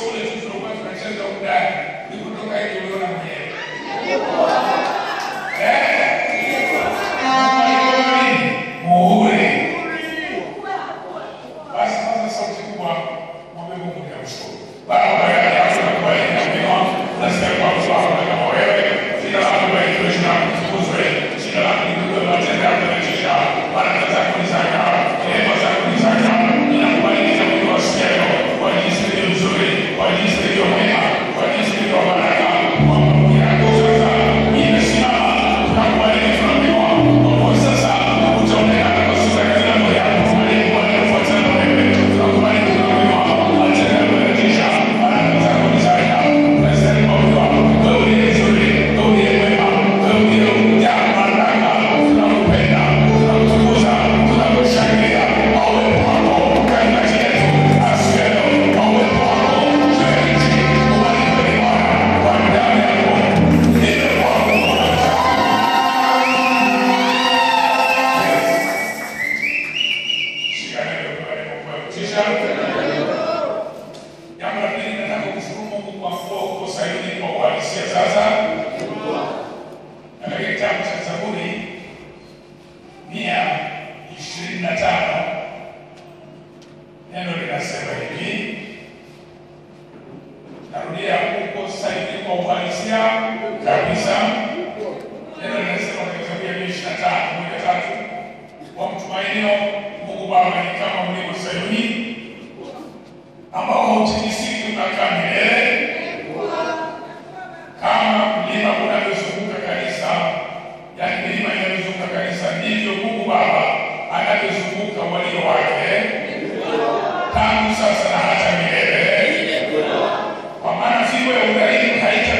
solo il titolo qua francese è un dare, di quello che hai di un'ora a me. ndivyo Mungu Baba anavyozunguka walio wake tangu sasa na hata milele, kwa maana siku ya udhalimu haita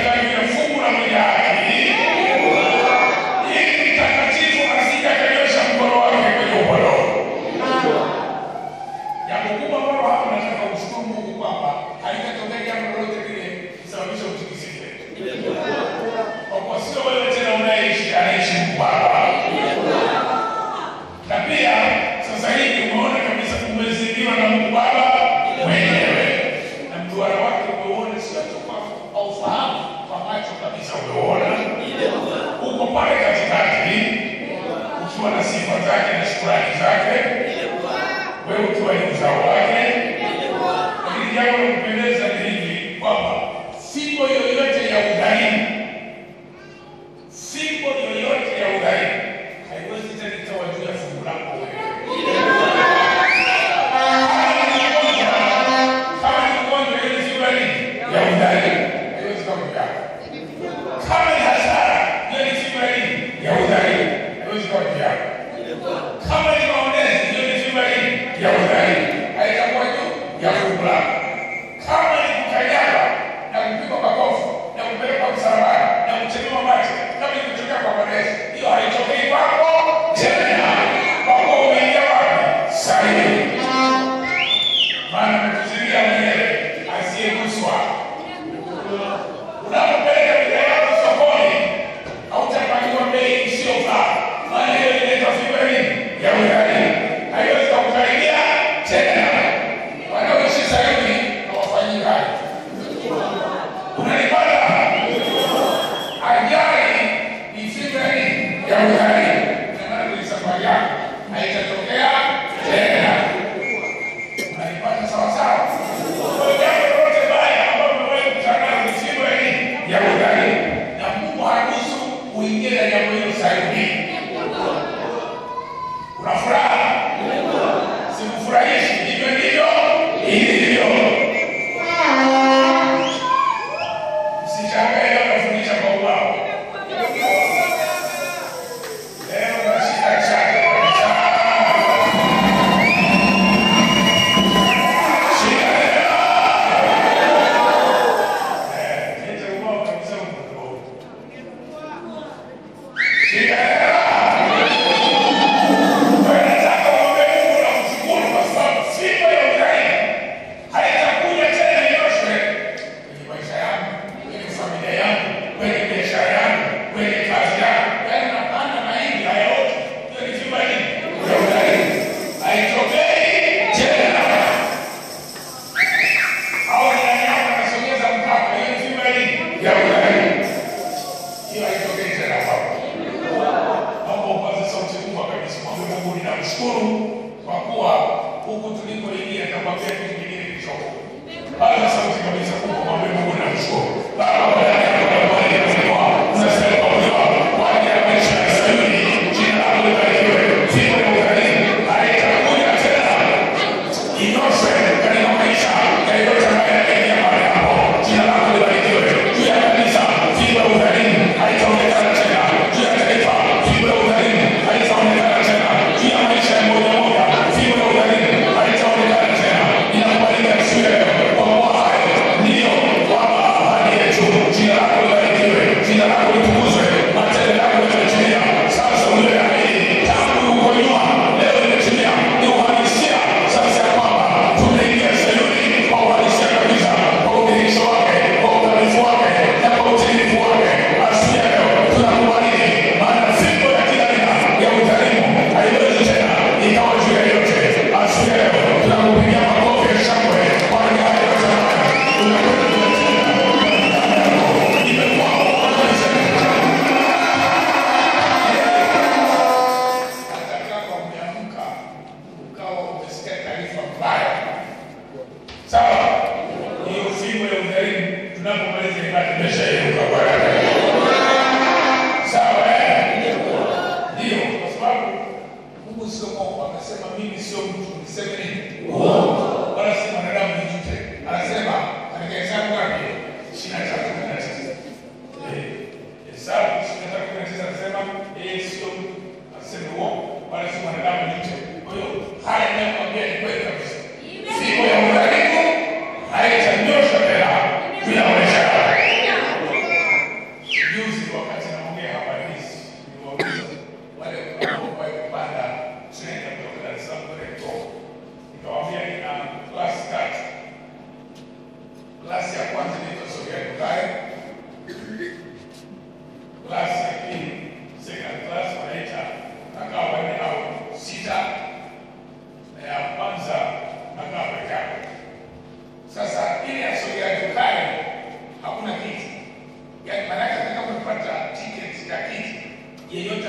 yeyote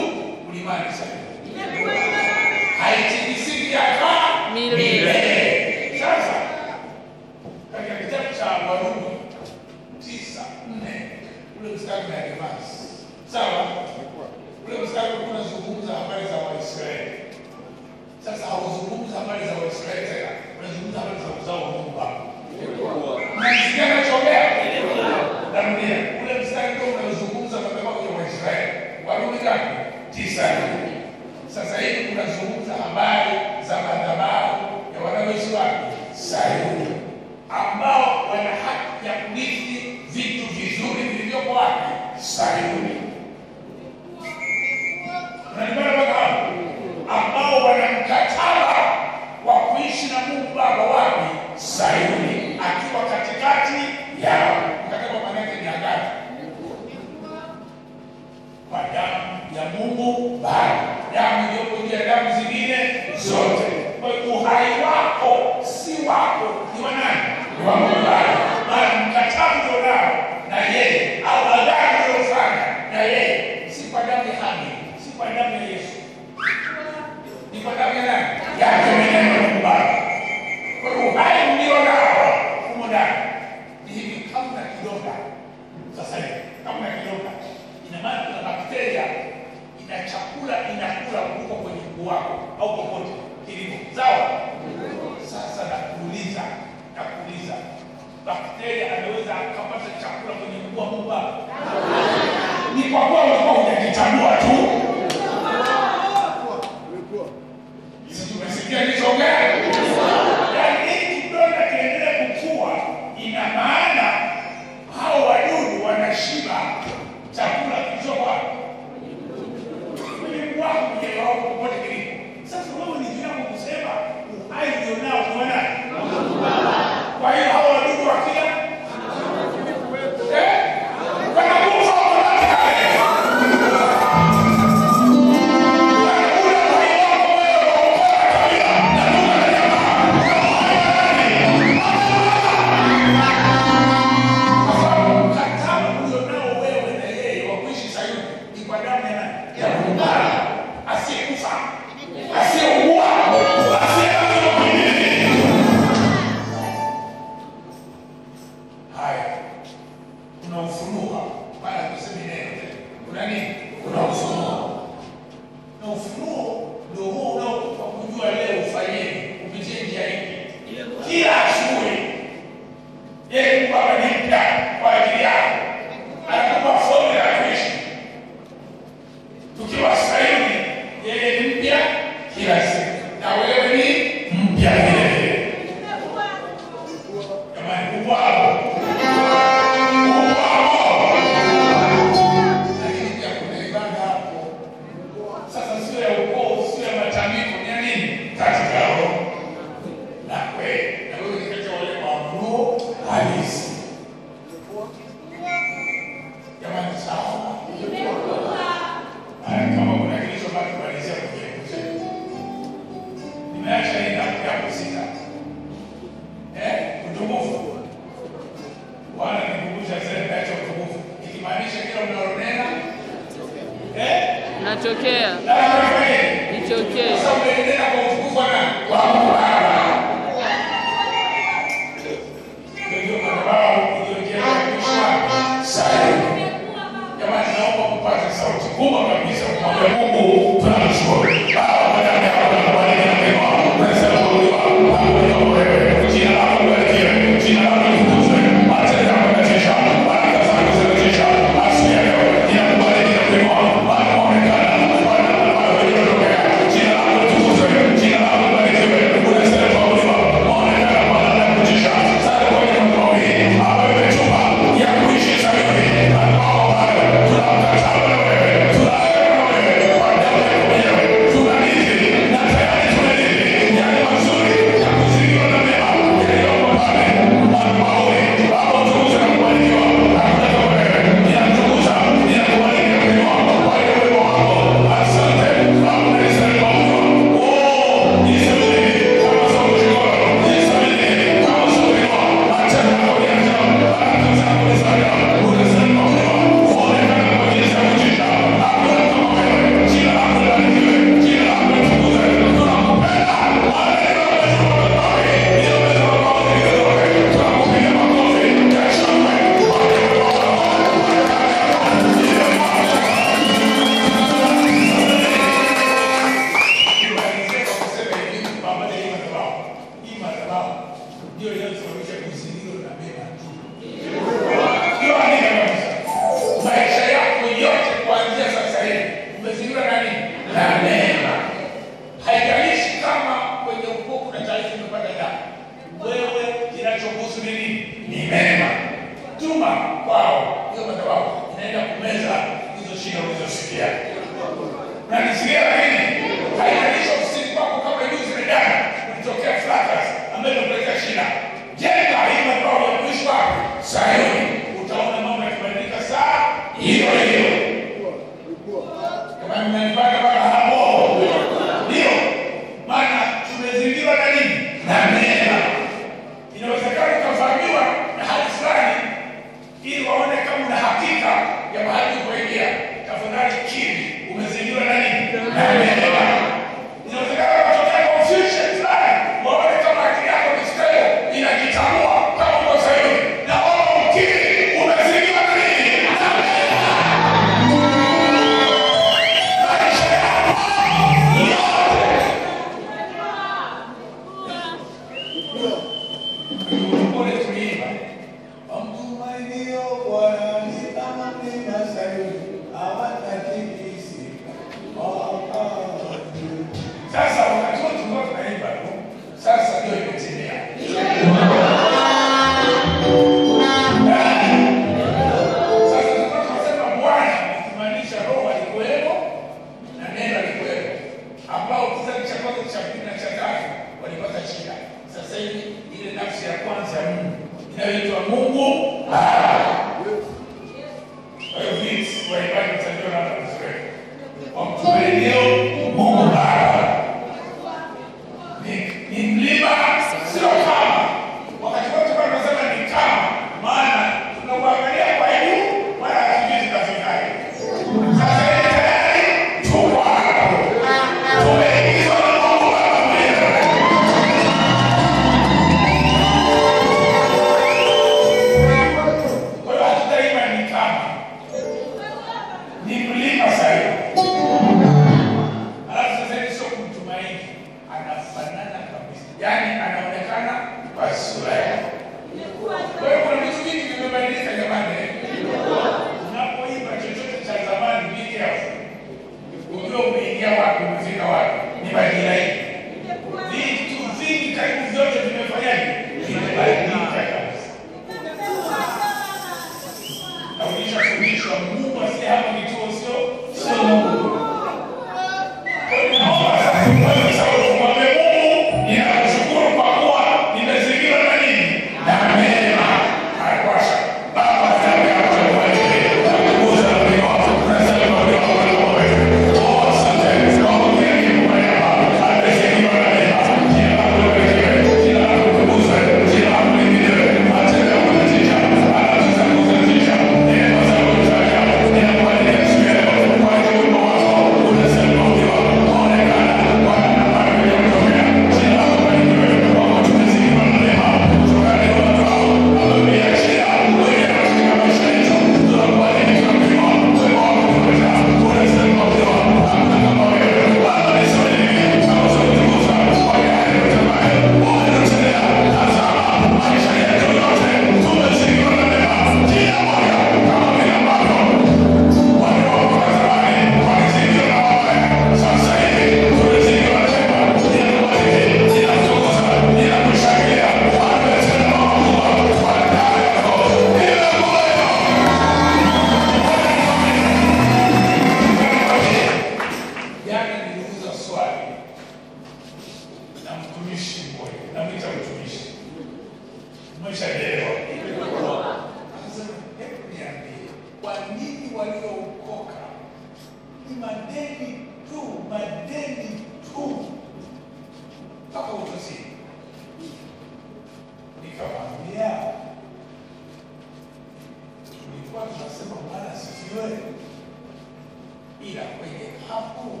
mampu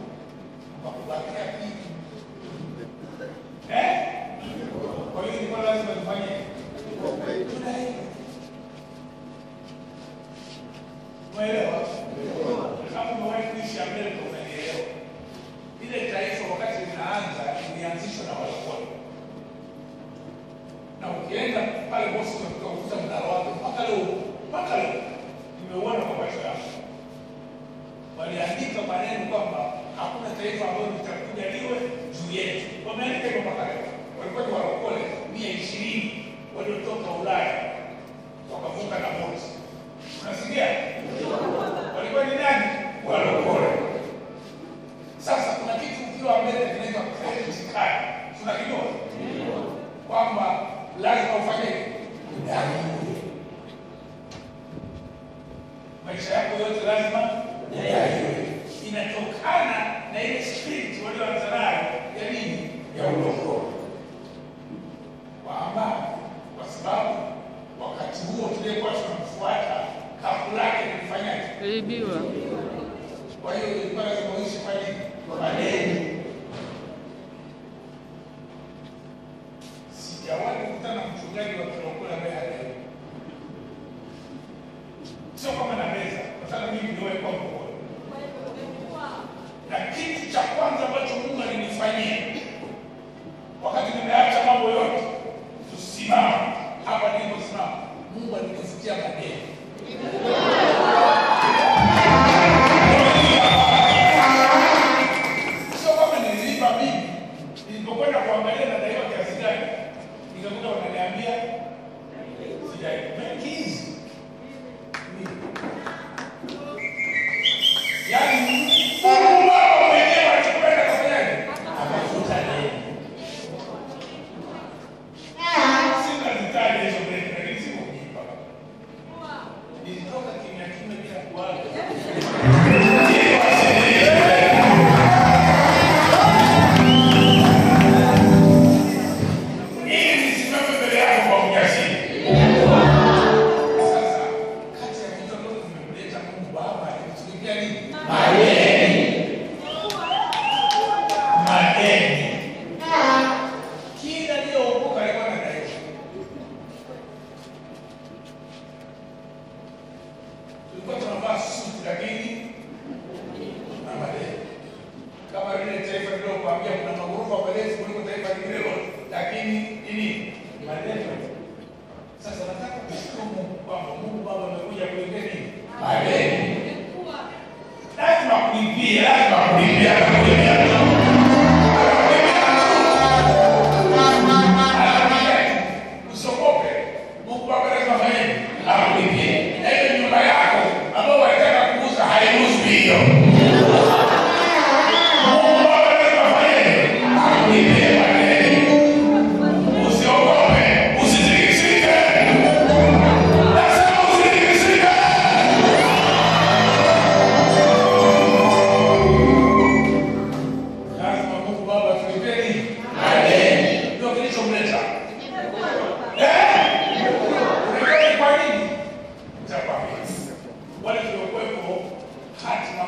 membuat hati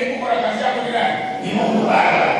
ibu kurang kasih aku bilang ibu kurang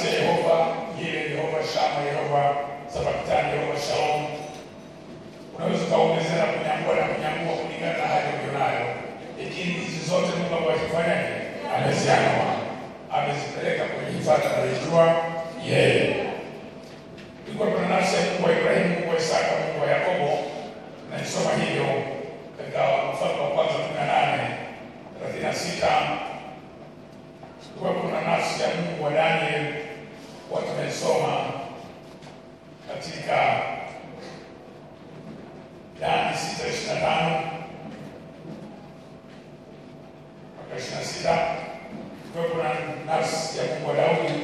Asher Yehova, Yire Yehova, Shama Yehova, Sabaktari Yehova, Shalom. Unaweza ukaongezea na kunyambua na kunyambua kulingana na hali ulionayo, lakini hizi zote Mungu amezipeleka kwenye hifadhi yeye. Ilikuwa kuna nafsi ya Mungu wa Ibrahimu, Mungu wa Isaka, Mungu wa Yakobo. Naisoma hivyo katika wa kwanza kumi na nane thelathini na sita. Kulikuwa kuna nafsi ya Mungu wa Danieli tulisoma katika Yohana sita ishirini na tano mpaka ishirini na sita kuwepo na nafsi ya kubwa Daudi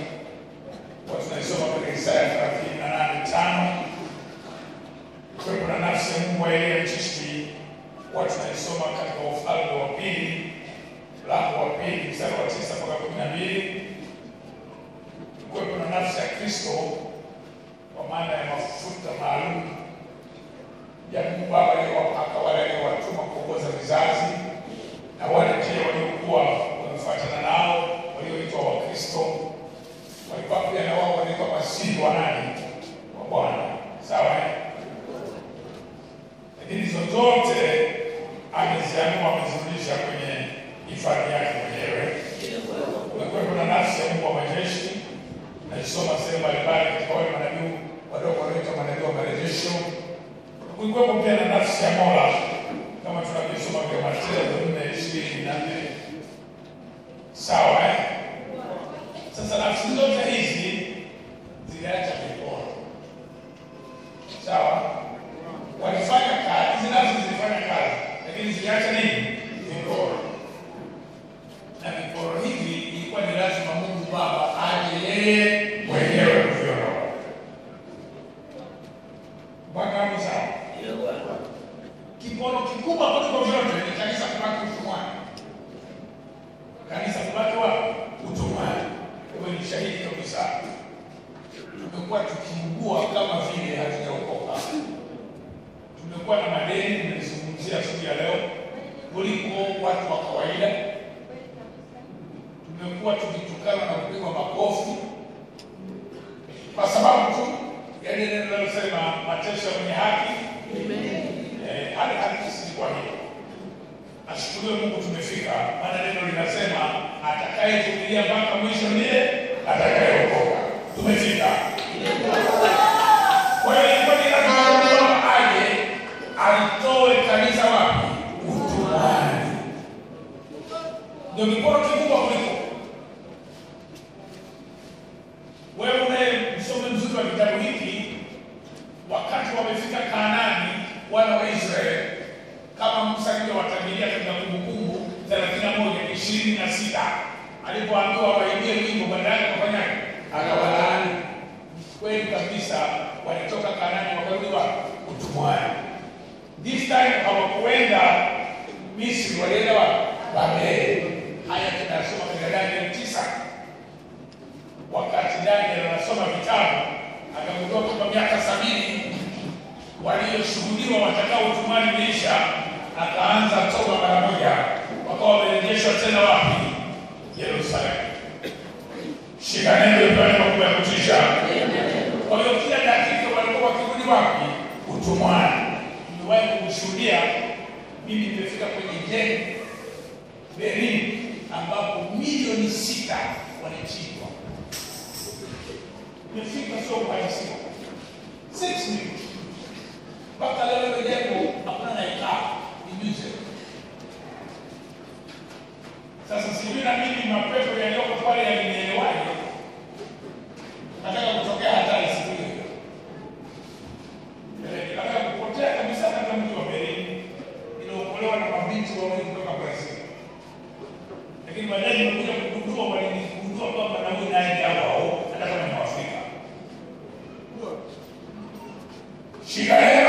kwa tunaisoma katika Isaya thelathini na nane tano kuwepo na nafsi ya Mungu aliye mchishi kwa tunaisoma katika Ufalme wa pili mlango wa pili mstari wa tisa mpaka kumi na mbili Kristo kwa maana ya mafuta maalum ya Mungu Baba aliyowapaka wale aliyowatuma kuongoza vizazi na wale pia waliokuwa wamefuatana nao walioitwa Wakristo walikuwa pia na wao wanaitwa masihi wa nani wa Bwana, sawa. Eh? Lakini zozote ameziamua, amezirudisha kwenye hifadhi yake mwenyewe. Kulikuwepo na nafsi ya Mungu wa majeshi alisoma sehemu mbalimbali katika wale manabii wadogo wanaoitwa manabii wa marejesho. Kulikuwepo pia na nafsi ya Mola kama tunavyosoma vya Mathayo nne ishirini na nne sawa eh? Sasa nafsi zote hizi ziliacha viporo, sawa, walifanya shika neno lipeleka kwa kutisha. Kwa hiyo kila dakika walikuwa wakirudi wapi? Utumwani. Niliwahi kushuhudia mimi nimefika kwenye jengo Berlin ambapo milioni sita walichinjwa. Nimefika sio kwa hisia. Mpaka leo ile jengo hakuna ni Sasa sijui na mimi mapepo yaliyoko pale yalinielewaje nataka kutokea hatari siku hiyo, eh, nataka kupotea kabisa katika mji wa Berlin, iliokolewa na mabinti wawili kutoka lakini baadaye nimekuja kugundua walinigundua kwamba hata kama ni Mwafrika shika